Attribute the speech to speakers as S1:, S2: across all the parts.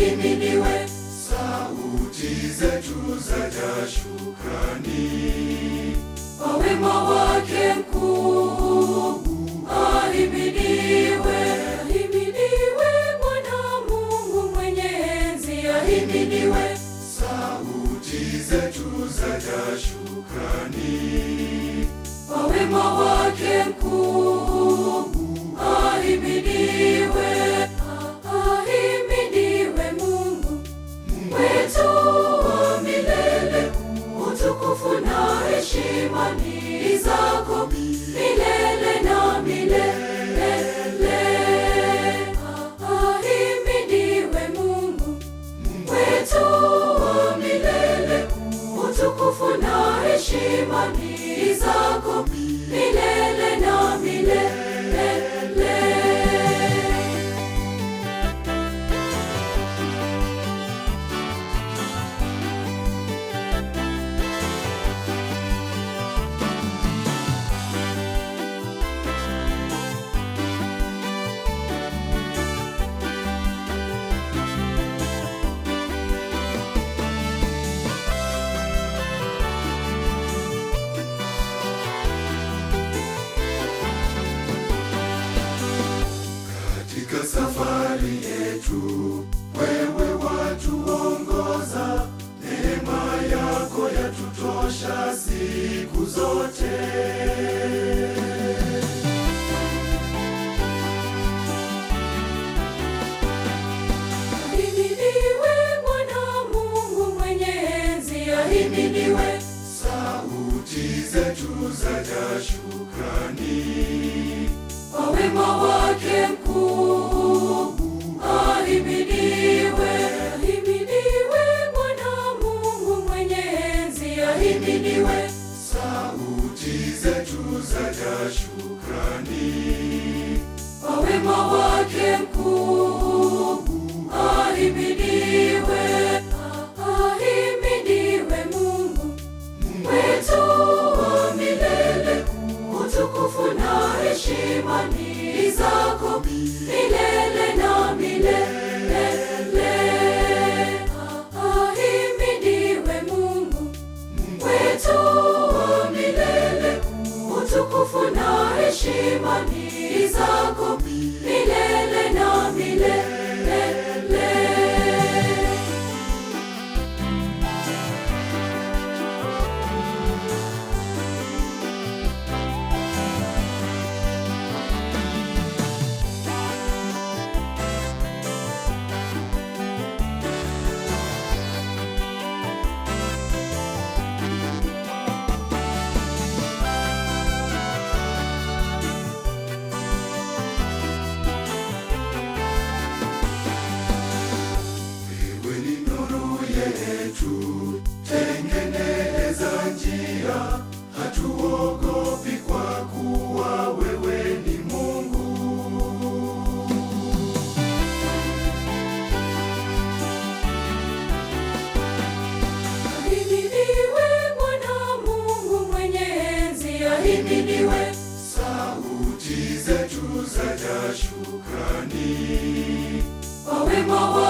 S1: ahimidiwe. Sauti zetu za shukrani kwa wema wake mkuu, ahimidiwe. Ahimidiwe Bwana Mungu mwenye enzi, ahimidiwe. Sauti zetu za shukrani kwa wema wake mkuu
S2: zako milele na milele. Ahimidiwe Mungu wetu wa milele, utukufu na heshima ni zako.
S3: yetu. Wewe watuongoza, neema yako yatutosha siku zote.
S1: Ahimidiwe Bwana Mungu mwenye enzi, ahimidiwe. Sauti zetu zaja shukrani kwa wema wake mkuu. Ahimidiwe, sauti zetu zaja shukrani kwa wema wake mkuu. ihimidiwe sauti zetu za shukrani kwa wema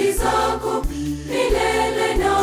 S2: milele na